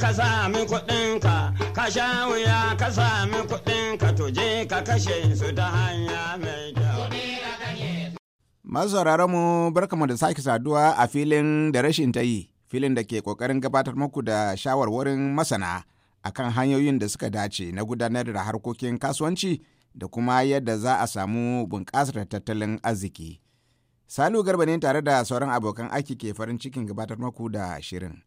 ka sami kuɗinka ka sha wuya ka sami kuɗinka to je ka kashe su ta hanya mai kyau. Masu mu mu da sake saduwa a filin da rashin ta yi, filin da ke kokarin gabatar muku da shawarwarin masana a kan hanyoyin da suka dace na gudanar da harkokin kasuwanci da kuma yadda za a samu bunƙasar tattalin arziki. Salu Garba ne tare da sauran abokan aiki ke farin cikin gabatar muku da shirin.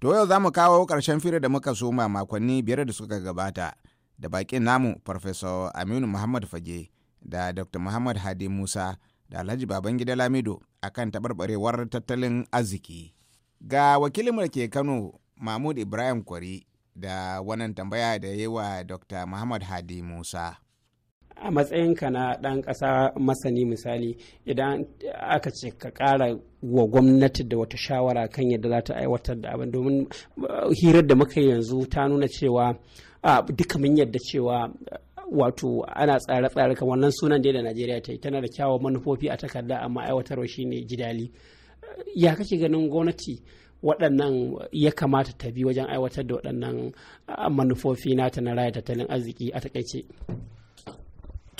To yau za mu kawo ƙarshen fira da muka soma makonni biyar da suka gabata da baƙin namu Farfesa Aminu Muhammad Fage da Dr. Muhammad Hadi Musa da Alhaji Babangida Lamido akan taɓarɓarewar tattalin arziki. Ga wakilin ke Kano Mahmud Ibrahim Kwari da wannan tambaya da yi wa Dr. Muhammad Hadi Musa. a matsayinka na ɗan ƙasa masani misali idan aka ce ka ƙara wa gwamnati da wata shawara kan yadda za ta aiwatar da abin domin uh, hirar da muka yanzu ta nuna cewa duka mun yadda cewa wato ana tsare-tsare kan wannan sunan da najeriya ta yi tana da kyawun manufofi a takarda amma aiwatarwa shine jidali ya kake ganin gwamnati waɗannan ya kamata ta bi wajen aiwatar da waɗannan uh, manufofi nata na raya tattalin arziki a takaice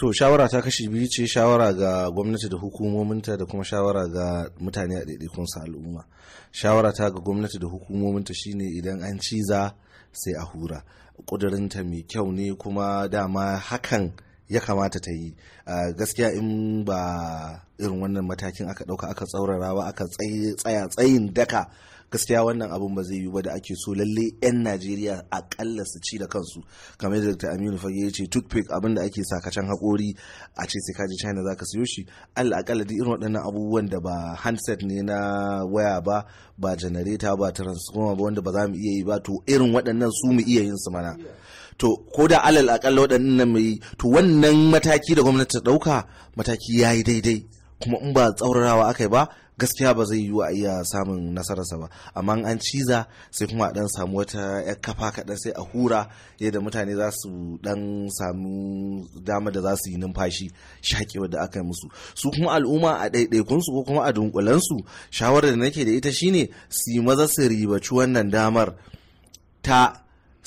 to shawara ta kashi biyu ce shawara ga gwamnati da hukumominta da kuma shawara ga mutane a ɗaiɗaikun al'umma shawara ta ga gwamnati da hukumominta shine idan an ciza sai a hura ƙudurinta mai kyau ne kuma dama hakan ya kamata ta yi gaskiya in ba irin wannan matakin aka ɗauka aka tsaurara ba aka tsaya tsayin daka gaskiya wannan abun ba zai yi ba da ake so lalle 'yan najeriya akalla su ci da kansu kamar yadda dr aminu fage ya ce toothpick abin da ake sakacen haƙori a ce sai kaji china za ka siyo shi allah akalla duk irin waɗannan abubuwan da ba handset ne na waya ba ba janareta ba transformer ba wanda ba za mu iya yi ba to irin waɗannan su mu iya yin su mana to ko da alal akalla waɗannan nan mai to wannan mataki da gwamnati ta ɗauka mataki ya yi daidai kuma in ba tsaurarawa aka yi ba gaskiya ba zai yiwu a iya samun nasararsa ba amma an ciza sai kuma a dan samu wata yar kafa kaɗan sai a hura yadda mutane za su dan samu dama da za su yi numfashi shakewa da aka yi musu su kuma al'umma a ɗaiɗaikun su ko kuma a su shawarar da nake da ita shine su yi maza su ribaci wannan damar ta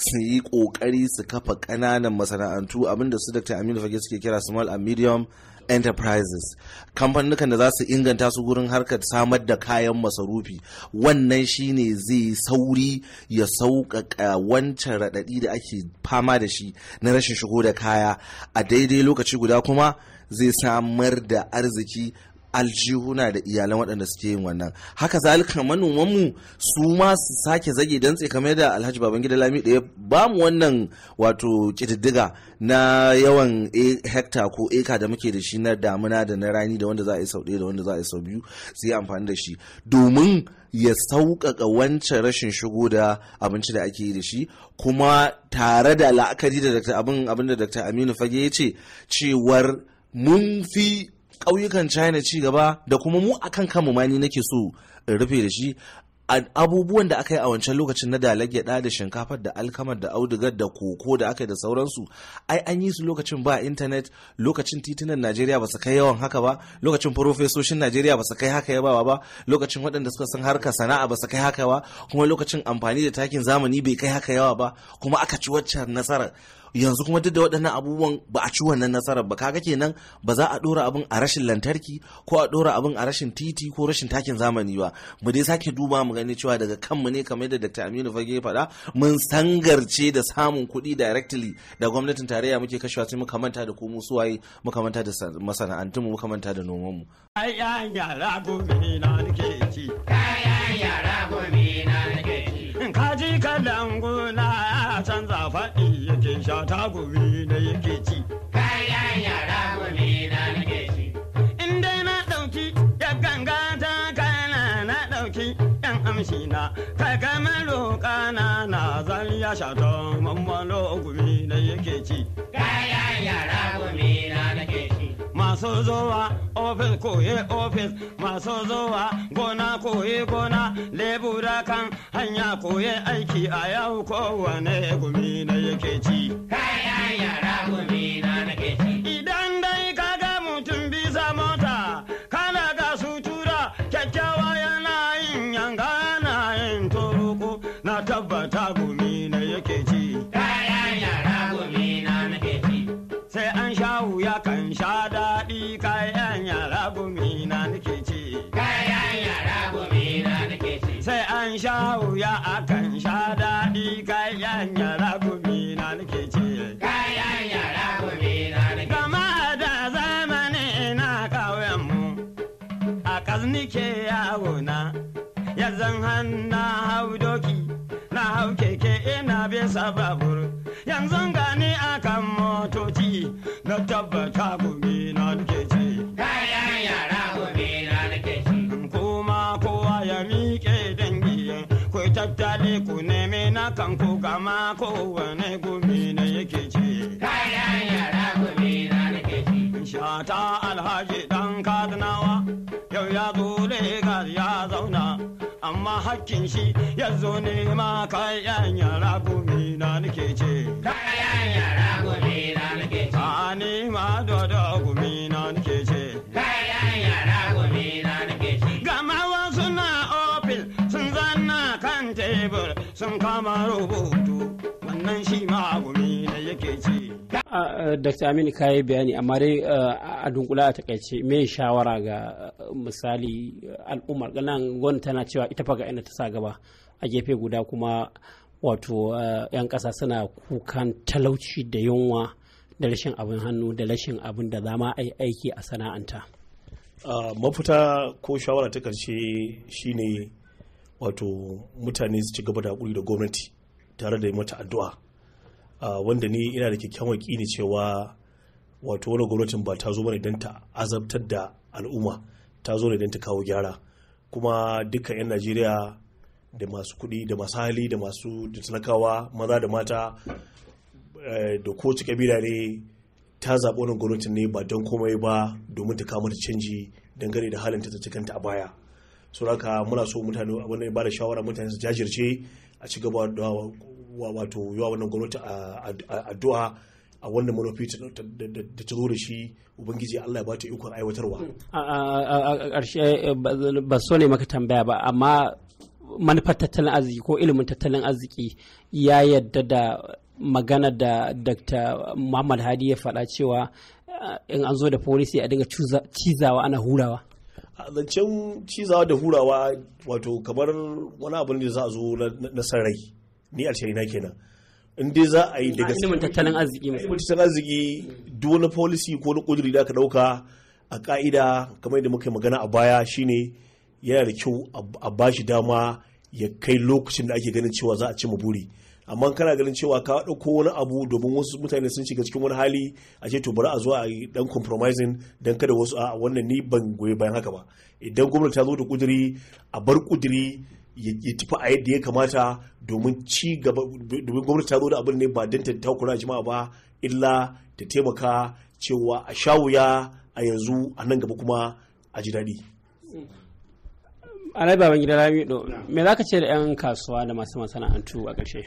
su yi kokari su kafa ƙananan masana'antu abinda su dr aminu fage suke kira small and medium enterprises kamfanin da za su inganta su gurin harkar samar da kayan masarufi wannan shine zai sauri ya sauƙaƙa wancan raɗaɗi da ake fama da shi na rashin shigo da kaya a daidai lokaci guda kuma zai samar da arziki aljihuna da iyalan waɗanda suke yin wannan haka zalika manomanmu su ma su sake zage dantse kamar da alhaji babangida lami ɗaya ba mu wannan wato ƙididdiga na yawan hekta ko eka da muke da shi na damuna da na rani da wanda za a yi sau ɗaya da wanda za a yi sau biyu su yi amfani da shi domin ya sauƙaƙa wancan rashin shigo da abinci da ake yi da shi kuma tare da la'akari da abin da dr aminu fage ya ce cewar mun fi ƙauyukan china ci gaba da kuma mu akan kanmu ma ni nake so in rufe da shi abubuwan da aka yi a wancan lokacin na dalage da da shinkafar da alkamar da audugar da koko da aka yi da sauransu ai an yi su lokacin ba intanet lokacin titunan najeriya ba su kai yawan haka ba lokacin farofesoshin najeriya ba su kai haka yawa ba lokacin waɗanda suka san harka sana'a ba su kai haka ba kuma lokacin amfani da takin zamani bai kai haka yawa ba kuma aka ci waccan nasarar yanzu kuma duk da waɗannan abubuwan ba a ci wannan nasarar ba kaga kenan ba za a ɗora abin a rashin lantarki ko a ɗora abin a rashin titi ko rashin takin zamani ba mu dai sake duba mu gani cewa daga kanmu ne kamar yadda Dr. Aminu Fage faɗa mun sangarce da samun kuɗi directly da gwamnatin tarayya muke kashewa sai muka manta da komo waye muka manta da masana'antunmu muka manta da nomanmu. Kayan yara gobe na nake ci. yara gobe na nake ci. Kaji kai kai mai roƙa na na zan ya shato mammalo gumi da yake ci kayan yara gumi na nake ci Maso zuwa ofis koye ofis Maso zuwa gona koye gona lebura kan hanya koye aiki a yau kowane gumi da yake ci kayan yara gumi na nake gida kan sha daɗi kayan yara gumi na nake ce. Kayan yara gumi na nake. Kama da zamani na ƙauyenmu a ƙaznike yawo na. Ya zan na hau doki na hau keke ina bisa babur. Yanzan gani akan motoci na tabbata ai ku neme na kanku kama kowane gumi da yake ce. Shata alhaji dan kadnawa yau ya zo Legas ya zauna amma hakkin shi ya zo nema kayan yara gumi na nake ce. Kayan yara gumi Dr. Aminu ka yi bayani amma dai a dunkula a takaice me shawara ga misali al'ummar ganan gwamnati tana cewa ita faga ina ta sa gaba a gefe guda kuma wato 'yan ƙasa suna kukan talauci da yunwa da rashin abin hannu da rashin abin da zama a aiki a sana'anta. Mafuta ko shawara ta ƙarshe shine wato mutane su ci gaba da haƙuri da gwamnati tare da mata addu'a wanda ni ina da kyakkyawan ne cewa wato wani gwamnatin ba ta zo bane don ta azabtar da al'umma ta zo ne don ta kawo gyara kuma dukkan 'yan najeriya da masu kuɗi da masu hali da masu talakawa maza da mata eh, da kowace kabila ne ta zaɓi wani gwamnatin ne ba don komai ba domin ta kama canji dangane da halin ta ta kanta a baya so muna so mutane abin da ba da shawara mutane su jajirce a ci gaba da wato yawa wannan gwamnati addu'a a wannan manufi da ta zo da shi ubangiji Allah ya bata ikon aiwatarwa hmm. a ƙarshe eh, ba so ne maka tambaya ba amma manufar tattalin arziki ko ilimin tattalin arziki ya yadda da magana da dr muhammad hadi ya faɗa cewa eh, in an zo da polisi a dinga cizawa ana hurawa a zancen cizawa da hurawa wato kamar wani abin da za a zo na sarai ni alshari na kenan in dai za a yi daga cikin tattalin arziki ilimin tattalin arziki duk wani policy ko wani kudiri da aka dauka a ka'ida kamar yadda muka yi magana a baya shine yana da kyau a bashi dama ya kai lokacin da ake ganin cewa za a ci buri amma kana ganin cewa ka ɗauko wani abu domin wasu mutane sun shiga cikin wani hali a ce to bari a zo a yi dan compromising dan kada wasu a wannan ni ban goyi bayan haka ba idan gwamnati ta zo da kudiri a bar kudiri ya tafi a yadda ya kamata domin ci gaba domin gwamnati ta zo da abin ne ba don ta takura jama'a ba illa ta taimaka cewa a shawuya a yanzu a nan gaba kuma a ji daɗi. alai baban gida lamido me za ka ce da 'yan kasuwa da masu masana'antu a ƙarshe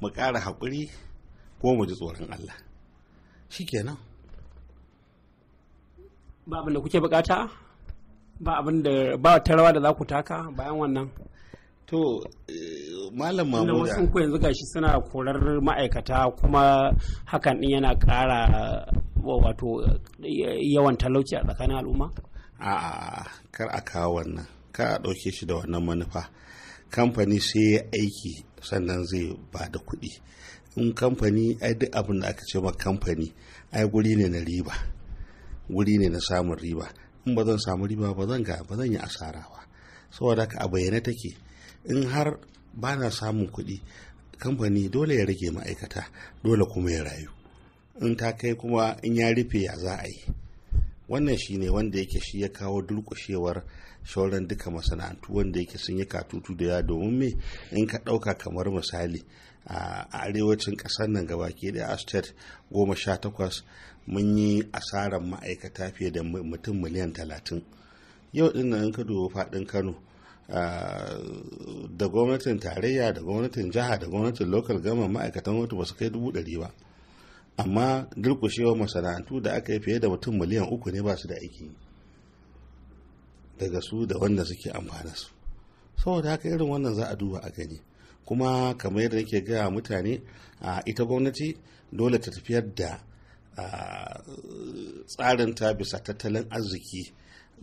mu ƙara haƙuri ko mu ji tsoron allah shi kenan. ba abin da kuke bukata ba abin da ba ta rawa da za ku taka bayan wannan to eh, malam mamuda wasu ku yanzu gashi suna korar ma'aikata kuma hakan din yana kara wato yawan talauci a tsakanin al'umma a'a kar a kawo wannan kar a ɗauke shi da wannan manufa kamfani sai ya aiki sannan zai ba da kuɗi in kamfani ai duk abin da aka ce ma kamfani ai guri ne na riba guri ne na samun riba in ba zan samu riba ba zan ga ba zan yi asara ba saboda ka a bayyane take in har ba na samun kuɗi kamfani dole ya rage ma'aikata dole kuma ya rayu in ta kai kuma in ya rufe ya za a yi wannan shi ne wanda yake shi ya kawo durƙushewar shauran duka masana'antu wanda yake sun yi katutu da ya domin me in ka ɗauka kamar misali a arewacin ƙasar nan gaba ke da a state goma sha takwas mun yi asarar ma'aikata fiye da mutum miliyan talatin yau din nan ka dubo faɗin kano ah, da gwamnatin tarayya da gwamnatin jiha da gwamnatin lokal gama ma'aikatan wata ba su kai dubu ɗari ba amma durkushewar masana'antu da aka yi fiye da mutum miliyan uku ne ba su da aiki daga su da wanda suke amfana su saboda haka irin wannan za a duba a gani kuma kamar yadda nake gaya mutane a ah, ita gwamnati dole ta tafiyar da Tsarin ta bisa tattalin arziki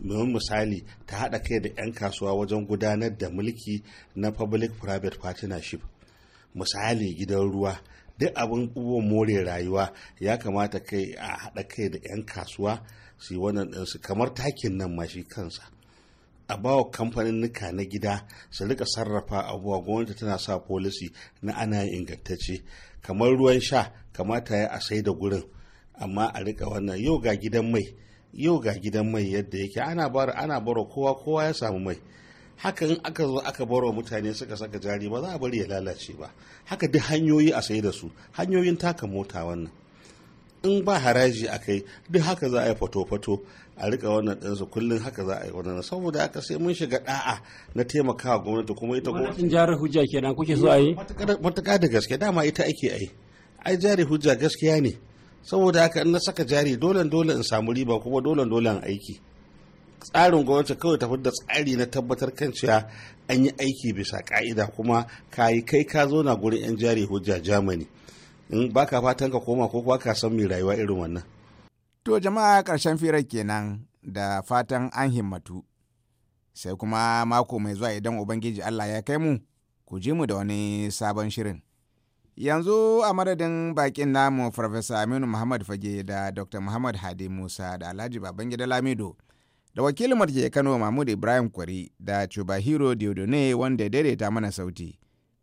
domin misali ta haɗa kai da 'yan kasuwa wajen gudanar da mulki na public private partnership misali gidan ruwa duk abin abubuwan more rayuwa ya kamata kai a haɗa kai da 'yan kasuwa su yi wannan ɗinsu kamar takin nan ma shi kansa a bawa kamfanin nuka na gida su rika sarrafa abubuwa gwamnati tana sa folisi na ana ingantacce kamar ruwan sha kamata ya a sai da gurin amma a rika wannan yau ga gidan mai yau ga gidan mai yadda yake ana bara ana baro kowa kowa ya samu mai haka in aka zo aka baro mutane suka saka jari ba za a bari ya lalace ba haka duk hanyoyi a sai da su hanyoyin taka mota wannan in ba haraji a kai duk haka za a yi fato-fato a rika wannan ɗansu kullum haka za a yi wannan saboda haka sai mun shiga da'a na taimakawa gwamnati kuma ita kuma in jarar hujja kenan kuke so a yi matuƙa da gaske dama ita ake ai ai jari hujja gaskiya ne saboda haka in na saka jari dole dole in samu riba kuma dole dole in aiki tsarin gwamnati kawai tafi da tsari na tabbatar kan cewa an yi aiki bisa ka'ida kuma ka yi kai ka zo na gurin 'yan jari hujja germany in baka fatan ka koma ko kuwa ka san mai rayuwa irin wannan to jama'a karshen firar kenan da fatan an himmatu sai kuma mako mai zuwa idan ubangiji allah ya kai mu ku ji mu da wani sabon shirin yanzu a madadin bakin namu farfesa aminu muhammad fage da dr muhammad hadi musa da alhaji babangida lamido da wakilin marje kano mahmud ibrahim kwari da chubahiro diodone wanda ya daidaita mana sauti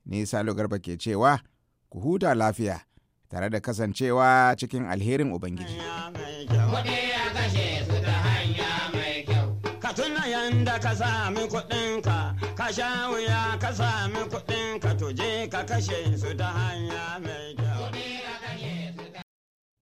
ni salo garba ke cewa ku huta lafiya tare da kasancewa cikin alherin ubangiji ka tuna yanda ka sami kuɗinka ka sha wuya ka sami kuɗinka ka kashe su ta hanya mai